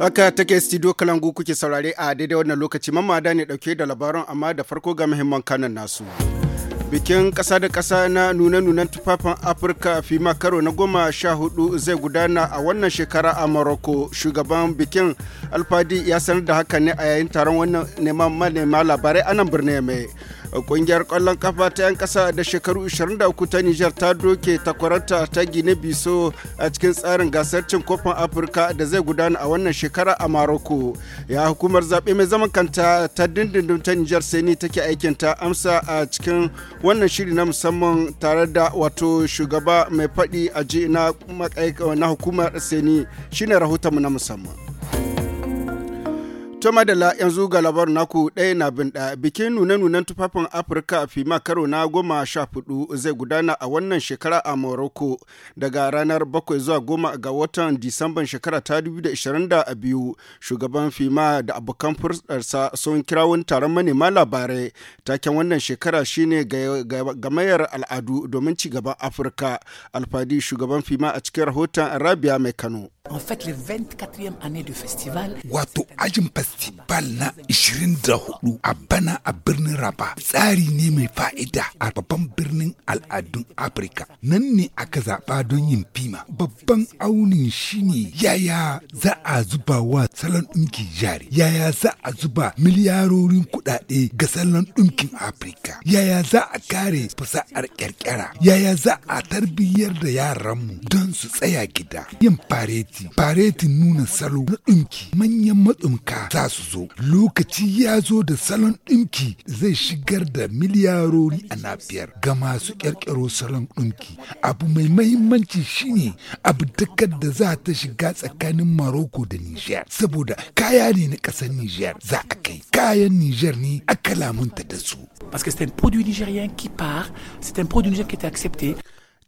Haka take studio kalangu kuke saurare a daidai wannan lokaci mamada ne dauke da labaran amma da farko ga muhimman kanan nasu. Bikin ƙasa da ƙasa na nune-nunen tufafin Afirka fima karo na goma sha hudu zai gudana a wannan shekara a Morocco. Shugaban bikin Alfadi ya sanar da haka ne a yayin taron wannan neman manema labarai a nan birnin mai. Ƙungiyar kwallon kafa ta 'yan kasa da shekaru 23 ta Nijar ta doke takwaranta ta Gine Biso a cikin tsarin gasar cin kofin Afirka da zai gudana a wannan shekara a Maroko. Ya hukumar zaɓe mai zaman kanta ta dindindin ta Nijar sai ni take aikin ta amsa a cikin wannan shiri na musamman tare da wato shugaba mai faɗi a ji na hukumar seni shine rahotonmu na musamman. To madala yanzu ga labarin naku ɗaya na bin ɗaya bikin nune-nunen tufafin Afirka a fima karo na goma sha fudu zai gudana a wannan shekara a Morocco daga ranar bakwai zuwa goma ga watan Disamban shekara ta biyu shugaban fima da abokan fursarsa sun kirawun taron manema labarai taken wannan shekara shine gamayar al'adu domin ci gaban Afirka alfadi shugaban fima a cikin rahoton Rabia Mai Kano. En fait, le 24e année du festival. Wato ajin festival na 24 a bana a birnin Raba tsari ne mai fa'ida a babban birnin al'adun Afirka. Nan ne aka zaɓa don yin fima. Babban aunin shine yaya za a zuba wa salon ɗinkin jari, yaya za a zuba miliyarorin kuɗaɗe ga salon ɗinkin Afirka, yaya za a kare fasa'ar ƙirƙira, yaya za a tarbiyyar da yaranmu don su tsaya gida. Yin fare aiki faretin nuna salo na dinki manyan matsumka za su zo lokaci ya zo da salon dinki zai shigar da miliyarori a nafiyar ga masu ƙirƙiro salon dinki abu mai mahimmanci shine abu dakar da za ta shiga tsakanin maroko da niger saboda kaya ne na ƙasar niger za a kai kayan niger ne aka lamunta da su Parce que c'est un produit nigérien qui part, c'est un produit nigérien qui est accepté.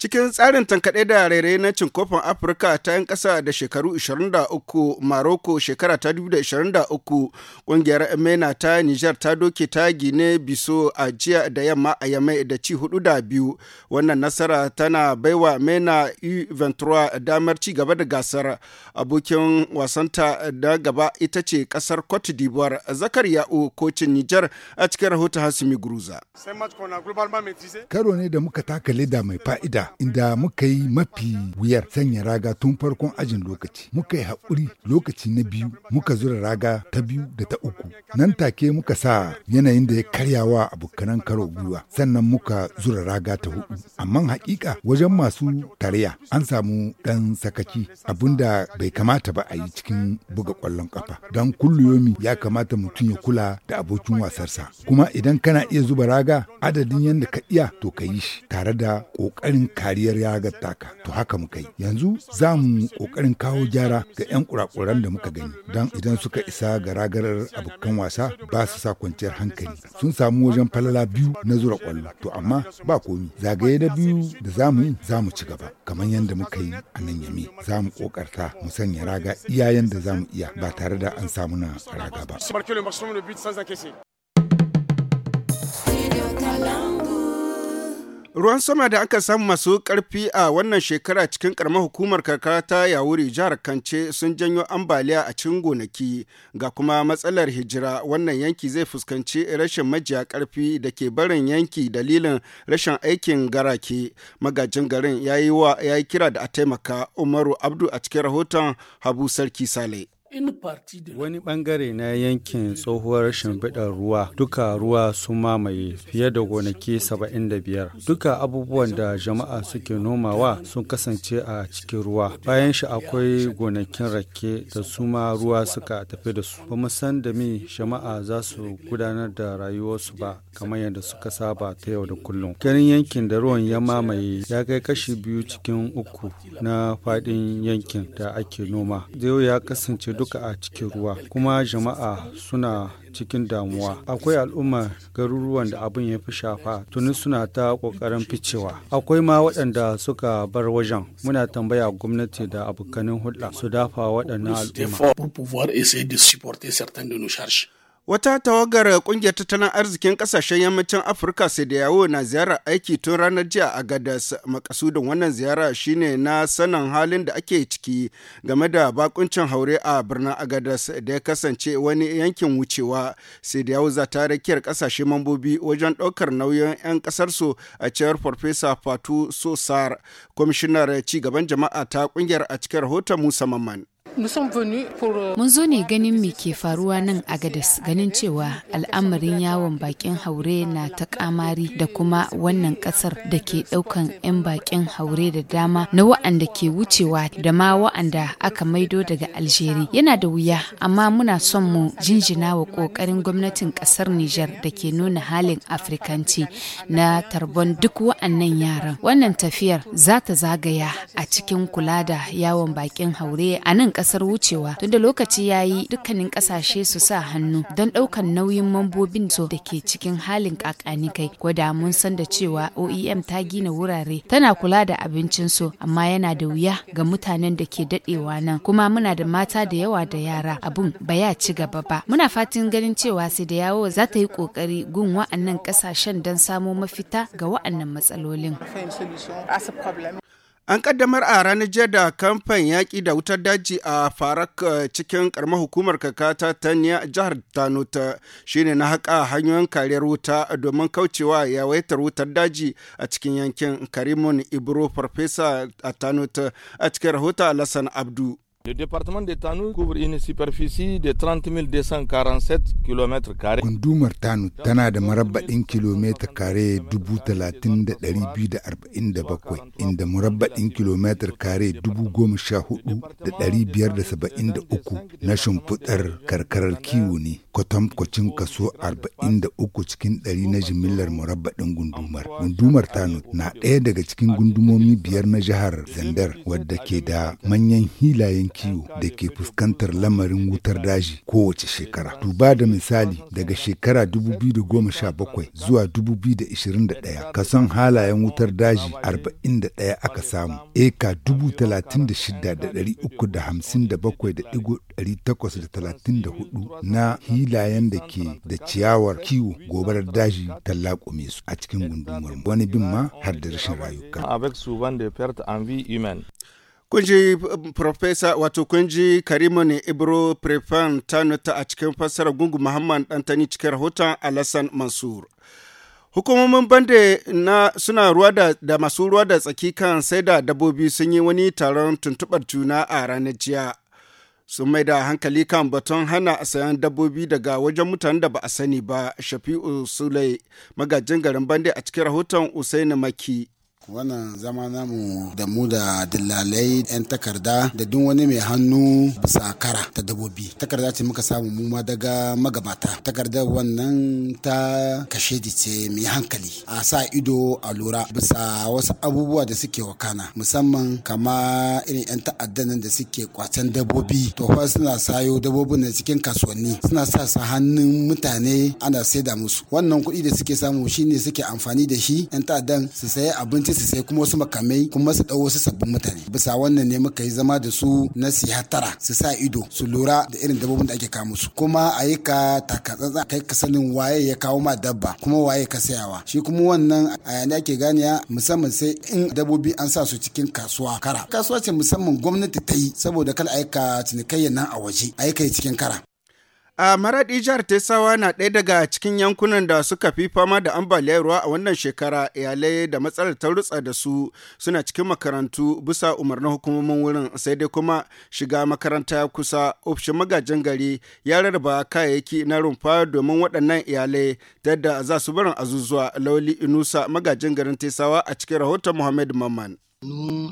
Cikin tsarin tankaɗe da rairaye na cin kofin Afirka ta yan ƙasa da shekaru 23 Maroko shekara ta 2023 ƙungiyar MENA ta Nijar ta doke ta gine biso a jiya da yamma a yamai da ci hudu da biyu. Wannan nasara tana baiwa MENA uVentura damar ci gaba da gasar. Abokin wasanta da gaba ita ce ƙasar Cote d'Ivoire zakar O kocin Nijar a cikin rahoton Hasumi Guruza. Karo ne da muka taka leda mai fa'ida inda muka yi mafi wuyar sanya raga tun farkon ajin lokaci. Muka yi haƙuri lokaci na biyu muka zura raga ta biyu da ta uku. Nan take muka sa yanayin da ya karyawa abokanan karo gwiwa sannan muka zura raga ta hudu. Amma hakika wajen masu tarayya an samu ɗan sakaci abinda bai kamata ba a yi cikin buga kwallon ƙafa. Don kulliyomi ya kamata mutum ya kula da abokin wasarsa. Kuma idan kana iya zuba raga adadin yadda ka iya to ka yi shi tare da ƙoƙarin kariyar yagar taka to haka muka yi yanzu za mu kokarin kawo gyara ga 'yan kurakuran da muka gani don idan suka isa ga ragarar abokan wasa ba su sa kwanciyar hankali sun samu wajen falala biyu na zura kwallo to amma ba komi zagaye da biyu da za mu yi za mu ci gaba kamar yadda muka yi a nan yami za mu kokarta mu sanya raga iyayen da za mu iya ba tare da an samu na raga ba Ruwan sama da aka samu masu karfi a wannan shekara cikin karamar hukumar karkara ta Yawuri jihar Kance sun janyo ambaliya a cikin gonaki ga kuma matsalar hijira wannan yanki zai fuskanci rashin majiya karfi da ke barin yanki dalilin rashin aikin garake. Magajin garin ya yi kira da a taimaka Umaru Abdu a cikin rahoton Habu Sarki Sale. Wani ɓangare na yankin tsohuwar shimfiɗar ruwa duka ruwa sun mamaye fiye da gonaki saba'in da biyar. Duka abubuwan da jama'a suke nomawa sun kasance a cikin ruwa. Bayan shi akwai gonakin rake da suma ruwa suka tafi da su. Ba san da me jama'a za su gudanar da rayuwarsu ba kamar yadda suka saba ta yau da kullum. Ganin yankin da ruwan ya mamaye ya kai kashi biyu cikin uku na faɗin yankin da ake noma. Zai ya kasance duka a cikin ruwa kuma jama'a suna cikin damuwa akwai al'umma garuruwan da abin ya fi shafa tuni suna ta kokarin ficewa akwai ma waɗanda suka bar wajen muna tambaya gwamnati da abokanin hulɗa su dafa waɗannan al'umma Wata tawagar kungiyar tattalin arzikin kasashen yammacin Afirka sai da yawo na ziyarar aiki tun ranar jiya a Gadas. Makasudin wannan ziyara shine na sanin halin da ake ciki game da bakuncin haure a birnin Agadas da ya kasance wani yankin wucewa. Sai da yawo za ta rakiyar kasashe mambobi wajen ɗaukar nauyin 'yan ƙasarsu a cewar Farfesa Fatu Sosar, kwamishinar ci gaban jama'a ta kungiyar a cikin rahoton Musa Mamman. Euh, Mun zo ne ganin me ke faruwa nan a Gadas ganin cewa al'amarin yawon bakin haure na ta kamari da kuma wannan kasar da ke daukan 'yan bakin haure da dama na wa'anda ke wucewa da ma wa'anda aka maido daga Aljeri. Yana da wuya amma muna son mu jinjina wa kokarin gwamnatin kasar Nijar da ke nuna halin Afrikanci na tarbon duk wa'annan yaran. Wannan tafiyar za ta zagaya a cikin kula da yawon bakin haure a nan kasar wucewa tunda lokaci ya yi dukkanin kasashe su sa hannu don ɗaukan nauyin mambobin su da ke cikin halin kakani kai gwada mun san da cewa oem ta gina wurare tana kula da abincin su amma yana da wuya ga mutanen da ke dadewa nan kuma muna da mata da yawa da yara abun ba ya ci gaba ba muna fatin ganin cewa sai da yawo za ta yi ƙoƙari gun wa'annan ƙasashen don samo mafita ga wa'annan matsalolin An kaddamar a ranar jiya da kamfan yaƙi da wutar daji a Farak eh, cikin ƙaramar hukumar kakata ta jihar Tano ta shine na haƙa hanyoyin kariyar wuta domin kaucewa yawaitar wutar daji a cikin yankin Karimun Ibro Farfesa a Tano ta a cikin rahoton Alassan Abdu. Le département de Tanou couvre une superficie de 30 247 km. Gundumar Tanou, tana da marabba'in kilomita kare bakwai inda marabba'in kilomita kare uku. na shimfiɗar karkarar kiwo ne. cin kaso 43 cikin 100 na jimillar marabba'in gundumar. Gundumar Tanou na ɗaya daga cikin gundumomi biyar na jihar Zandar wadda ke da manyan hilayen kiwo da ke fuskantar lamarin wutar daji kowace shekara. Duba da misali daga shekara 2017 zuwa 2021 kasan halayen wutar daji 41 aka samu. Eka 36,357,834 na hilayen da ke da ciyawar kiwo gobarar daji ta su a cikin gundumar wani bin ma har da rashin rayuka. Kun eh, Profesa wato kun ji Karimu ne Ibro Prefan nuta a cikin fassarar Gungu Muhammad Dantani cikin rahoton Alassan Mansur. Hukumomin bande na suna ruwa da, masu ruwa da tsaki kan sai da dabbobi sun yi wani taron tuntubar juna a ranar jiya. Sun mai da hankali kan baton hana sayan dabbobi daga wajen mutanen da ba a sani ba Shafi'u Sule magajin garin bande a cikin rahoton Usaini Maki. wannan zama namu da mu da dillalai 'yan takarda da duk wani mai hannu bisa kara ta dabobi takarda ce muka samu mu ma daga magabata Takarda wannan ta kashe ce mai hankali a sa ido a lura bisa wasu abubuwa da suke wakana musamman kama irin 'yan ta'addan nan da suke kwacen dabobi to fa suna sayo dabobin na cikin kasuwanni suna sa sa hannun mutane ana saida musu wannan kuɗi da suke samu shine suke amfani da shi 'yan ta'addan su sayi abinci sai su sai kuma wasu makamai kuma su ɗau wasu sabbin mutane bisa wannan ne muka yi zama da su na siya tara su sa ido su lura da irin dabbobin da ake kawo musu kuma a yi ka takatsatsa kai ka sanin waye ya kawo ma dabba kuma waye ka sayawa shi kuma wannan a yana ake ganiya musamman sai in dabbobi an sa su cikin kasuwa kara kasuwa ce musamman gwamnati ta yi saboda kala aika cinikayya nan a waje a yi cikin kara A maraɗi jihar Tesawa na ɗaya daga cikin yankunan da suka fi fama da ambaliyar ruwa a wannan shekara iyalai da matsalar ta rutsa da su suna cikin makarantu bisa umarnin hukumomin wurin sai dai kuma shiga makaranta kusa ofishin magajin gari ya rarraba kayayyaki na rumfa domin waɗannan iyalai ta yadda za su barin azuzuwa lauli inusa magajin garin Tesawa a cikin rahoton Muhammad Mamman. Mu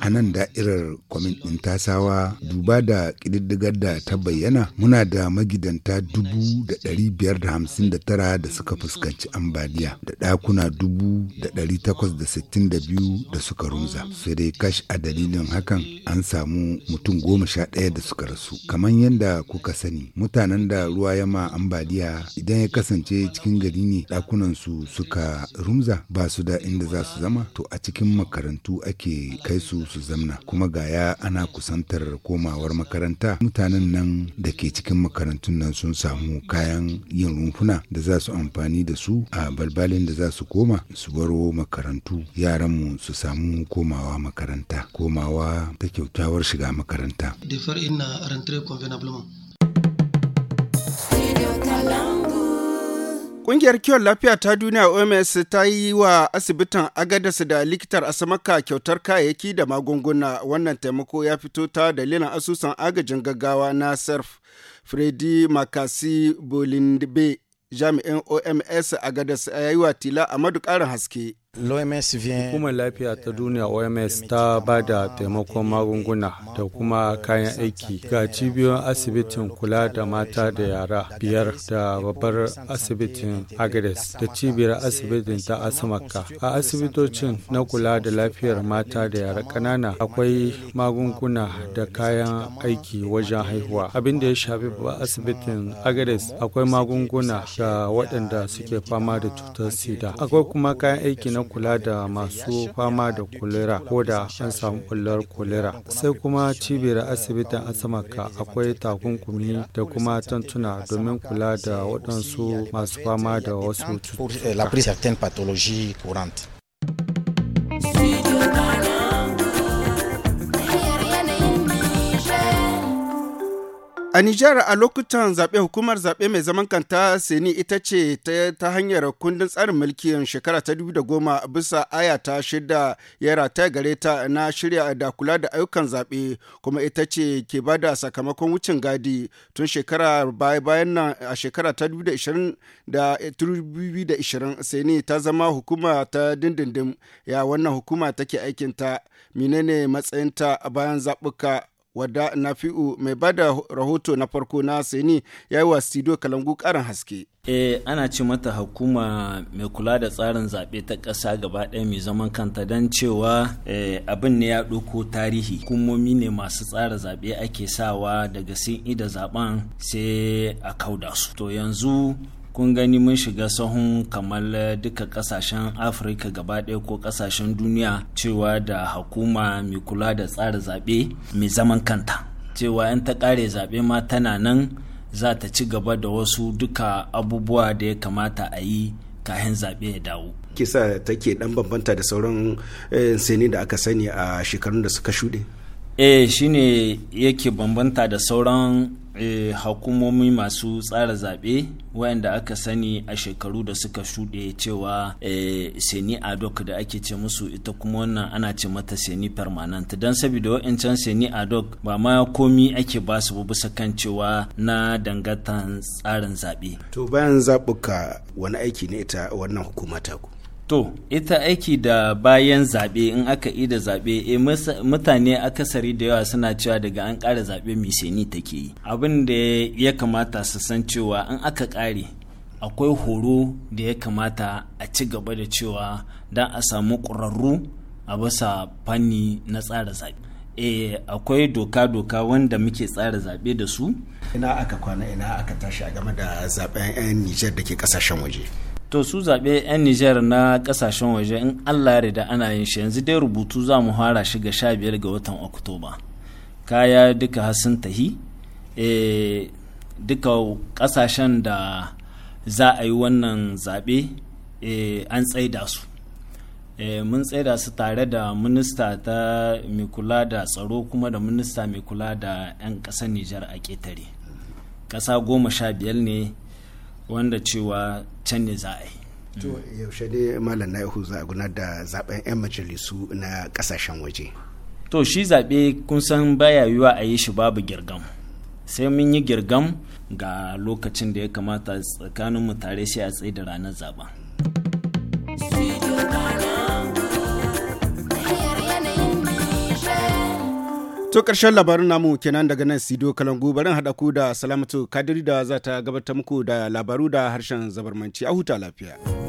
a nan da'irar kwamin ɗin tasawa duba da ƙididdigar da ta bayyana muna da magidanta dubu da ɗari biyar da hamsin da tara da suka fuskanci ambaliya da ɗakuna dubu da ɗari takwas da sittin da biyu da suka rumza. Sai dai kash a dalilin hakan an samu mutum goma sha ɗaya da suka rasu. Kamar yadda kuka sani mutanen da ruwa ya ma ambaliya idan ya kasance cikin gari ne ɗakunansu suka rumza ba su da inda za su zama to a cikin makarantu ake kai su su zamna kuma gaya ana kusantar komawar makaranta mutanen nan da ke cikin makarantun nan sun samu kayan yin rumfuna da za su amfani da su a balbalin da za su koma su baro makarantu yaranmu su samu komawa makaranta komawa ta kyautawar shiga makaranta. Ƙungiyar kiwon lafiya ta duniya OMS ta yi wa asibitin Agadas da likitar Asamaka kyautar kayayyaki da magunguna. Wannan taimako ya fito ta dalilin asusun agajin gaggawa na SERF Freddy Makasi Bolindbe, jami'in OMS Agadas ya yi wa Tila Amadu ƙarin haske. l'oms hukumar lafiya ta duniya oms ta ba da taimakon magunguna da kuma kayan aiki ga cibiyoyin asibitin kula da mata da yara biyar da babbar asibitin agres da cibiyar asibitin ta asamaka a asibitocin na kula da lafiyar mata da yara ƙanana akwai magunguna da kayan aiki wajen haihuwa abin da ya shafi babbar asibitin agres akwai magunguna ga waɗanda suke fama da cutar sida akwai kuma kayan aiki na kula da masu fama da kulera ko da an samu kullar kulera sai kuma cibiyar asibitin asamaka akwai takunkumi da kuma tantuna domin kula da waɗansu masu fama da wasu cututtuka. A Nijar a lokutan zaɓe hukumar zaɓe mai zaman kanta Seni ita ce ta hanyar kundin tsarin mulkin shekara ta goma bisa aya ta shida ya rata gare ta na shirya da kula da ayyukan zaɓe kuma ita ce ke ba da sakamakon wucin gadi tun shekara bayan nan a shekara ta dubu da 2020 Seni ta zama hukuma ta dindindim ya wannan hukuma take aikinta menene matsayinta bayan zaɓuka wadda nafi'u mai bada rahoto na farko na sani ya yi wa studio kalangu karin haske eh ana ce mata hukuma mai kula da tsarin zaɓe ta ƙasa gaba ɗaya mai zaman kanta don cewa eh, abin ne ya ɗauko tarihi hukumomi ne masu tsara zaɓe ake sawa daga sun ida zaɓen sai a kauda su to yanzu kun gani mun shiga sahun kamar duka kasashen afirka gaba ɗaya ko kasashen duniya cewa da hukuma mai kula da tsara zaɓe mai zaman kanta cewa yan ta ƙare zaɓe ma tana nan za ta ci gaba da wasu duka abubuwa da ya kamata a yi kayan zaɓe ya dawo kisa take ɗan bambanta da sauran eh, sani da aka sani a shekarun da suka shuɗe eh shine yake bambanta da sauran Eh, hukumomi masu tsara zaɓe waɗanda aka sani a shekaru da suka shuɗe cewa eh, seni adok da ake ce musu ita kuma wannan ana ce mata seni permanent don saboda wa'ancan seni adok ba ma komi ake ba su bisa kan cewa na dangantan tsarin zaɓe. to bayan zaɓuka wani aiki ne ita wannan hukuma ku. To, ita aiki da bayan zaɓe in aka yi da zaɓe, e, mutane akasari da yawa suna cewa daga an ƙara zaɓe miseni take yi. Abin da ya kamata su san cewa in aka ƙare, akwai horo da ya kamata a ci gaba da cewa don a samu ƙwararru a bisa fanni na tsara zaɓe. E, akwai doka-doka wanda muke tsara zaɓe da su. Ina aka kwana ina aka tashi a game da zaɓen 'yan Nijar da ke ƙasashen waje. to su zaɓe 'yan nijar na ƙasashen waje in allah ya ana yin shi yanzu dai rubutu za mu fara shi ga sha biyar ga watan oktoba kaya duka hassun tahi eh, duka ƙasashen da za a yi wannan zaɓe eh, an tsaida su eh, mun tsaida su tare da minista ta mai kula da tsaro kuma da minista mai kula da 'yan ƙasar nijar a ƙetare ƙasa goma sha biyar ne wanda cewa can ne za a yi to yaushe dai malam naihu za a gudanar da zaben 'yan majalisu na kasashen waje to shi zaɓe kun san baya yiwa a yi shi babu girgam sai mun yi girgam ga lokacin da ya kamata tsakaninmu tare sai a tsaye da ranar zaben To ƙarshen labarin namu kenan daga nan Sido Kalangu barin haɗa ku da Salamatu Kadiri da za ta gabatar muku da labaru da harshen zabarmanci a huta lafiya.